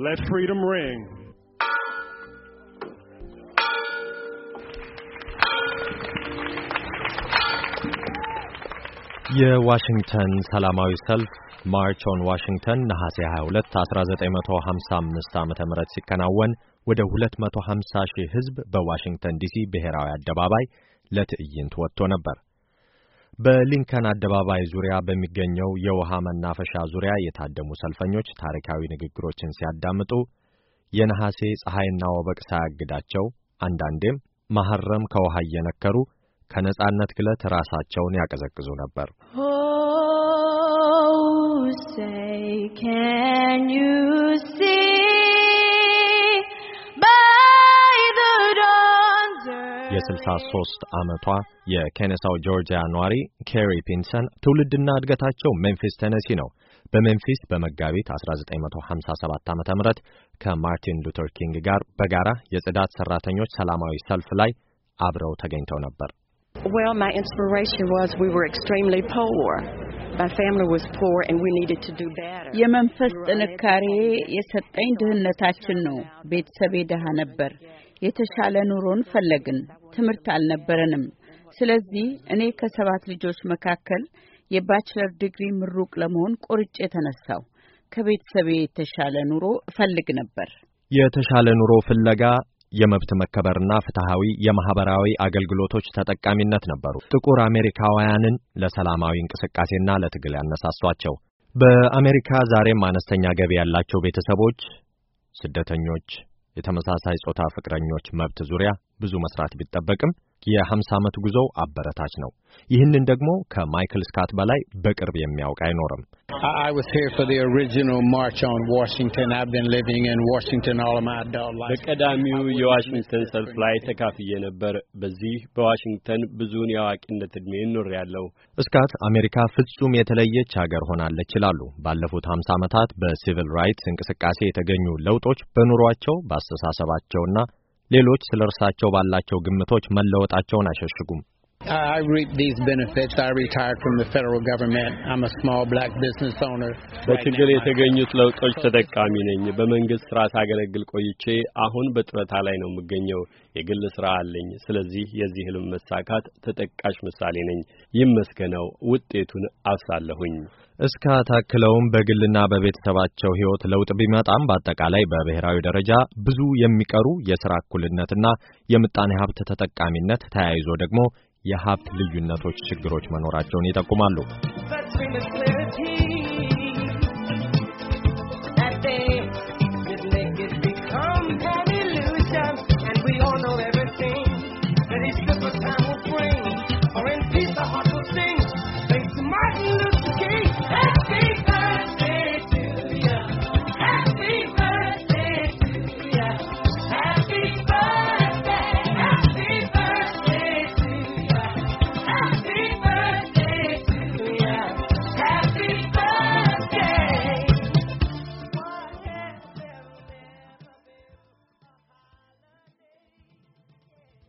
Let freedom ring. የዋሽንግተን ሰላማዊ ሰልፍ ማርች ኦን ዋሽንግተን ነሐሴ 22 1955 ዓ.ም ሲከናወን ወደ 250 ሺህ ሕዝብ በዋሽንግተን ዲሲ ብሔራዊ አደባባይ ለትዕይንት ወጥቶ ነበር። በሊንከን አደባባይ ዙሪያ በሚገኘው የውሃ መናፈሻ ዙሪያ የታደሙ ሰልፈኞች ታሪካዊ ንግግሮችን ሲያዳምጡ የነሐሴ ፀሐይና ወበቅ ሳያግዳቸው አንዳንዴም መሐረም ከውሃ እየነከሩ ከነጻነት ግለት ራሳቸውን ያቀዘቅዙ ነበር። oh, የስልሳ ሶስት ዓመቷ የኬነሳው ጆርጂያ ኗሪ ኬሪ ፒንሰን ትውልድና እድገታቸው ሜምፊስ ቴነሲ ነው። በሜምፊስ በመጋቢት 1957 ዓ.ም ከማርቲን ሉተር ኪንግ ጋር በጋራ የጽዳት ሰራተኞች ሰላማዊ ሰልፍ ላይ አብረው ተገኝተው ነበር። የመንፈስ ጥንካሬ የሰጠኝ ድህነታችን ነው። ቤተሰቤ ድሃ ነበር። የተሻለ ኑሮን ፈለግን። ትምህርት አልነበረንም። ስለዚህ እኔ ከሰባት ልጆች መካከል የባችለር ዲግሪ ምሩቅ ለመሆን ቆርጬ የተነሳው ከቤተሰቤ የተሻለ ኑሮ እፈልግ ነበር። የተሻለ ኑሮ ፍለጋ የመብት መከበርና ፍትሐዊ የማህበራዊ አገልግሎቶች ተጠቃሚነት ነበሩ ጥቁር አሜሪካውያንን ለሰላማዊ እንቅስቃሴና ለትግል ያነሳሷቸው። በአሜሪካ ዛሬም አነስተኛ ገቢ ያላቸው ቤተሰቦች ስደተኞች የተመሳሳይ ጾታ ፍቅረኞች መብት ዙሪያ ብዙ መስራት ቢጠበቅም የ50 ዓመት ጉዞ አበረታች ነው። ይህንን ደግሞ ከማይክል ስካት በላይ በቅርብ የሚያውቅ አይኖርም። በቀዳሚው የዋሽንግተን ሰልፍ ላይ ተካፍዬ ነበር። በዚህ በዋሽንግተን ብዙውን የአዋቂነት ዕድሜ ኖር ያለው ስካት አሜሪካ ፍጹም የተለየች ሀገር ሆናለች ይላሉ። ባለፉት ሀምሳ ዓመታት በሲቪል ራይትስ እንቅስቃሴ የተገኙ ለውጦች በኑሯቸው በአስተሳሰባቸውና ሌሎች ስለ እርሳቸው ባላቸው ግምቶች መለወጣቸውን አይሸሽጉም። I reap these benefits. I retired from the federal government. I'm a small black business owner. በትግል የተገኙት ለውጦች ተጠቃሚ ነኝ። በመንግስት ስራ ሳገለግል ቆይቼ አሁን በጡረታ ላይ ነው የምገኘው። የግል ስራ አለኝ። ስለዚህ የዚህ ህልም መሳካት ተጠቃሽ ምሳሌ ነኝ። ይመስገነው ውጤቱን አፍሳለሁኝ። እስካ ታክለውም በግልና በቤተሰባቸው ህይወት ለውጥ ቢመጣም በአጠቃላይ በብሔራዊ ደረጃ ብዙ የሚቀሩ የስራ እኩልነትና የምጣኔ ሀብት ተጠቃሚነት ተያይዞ ደግሞ የሀብት ልዩነቶች ችግሮች መኖራቸውን ይጠቁማሉ።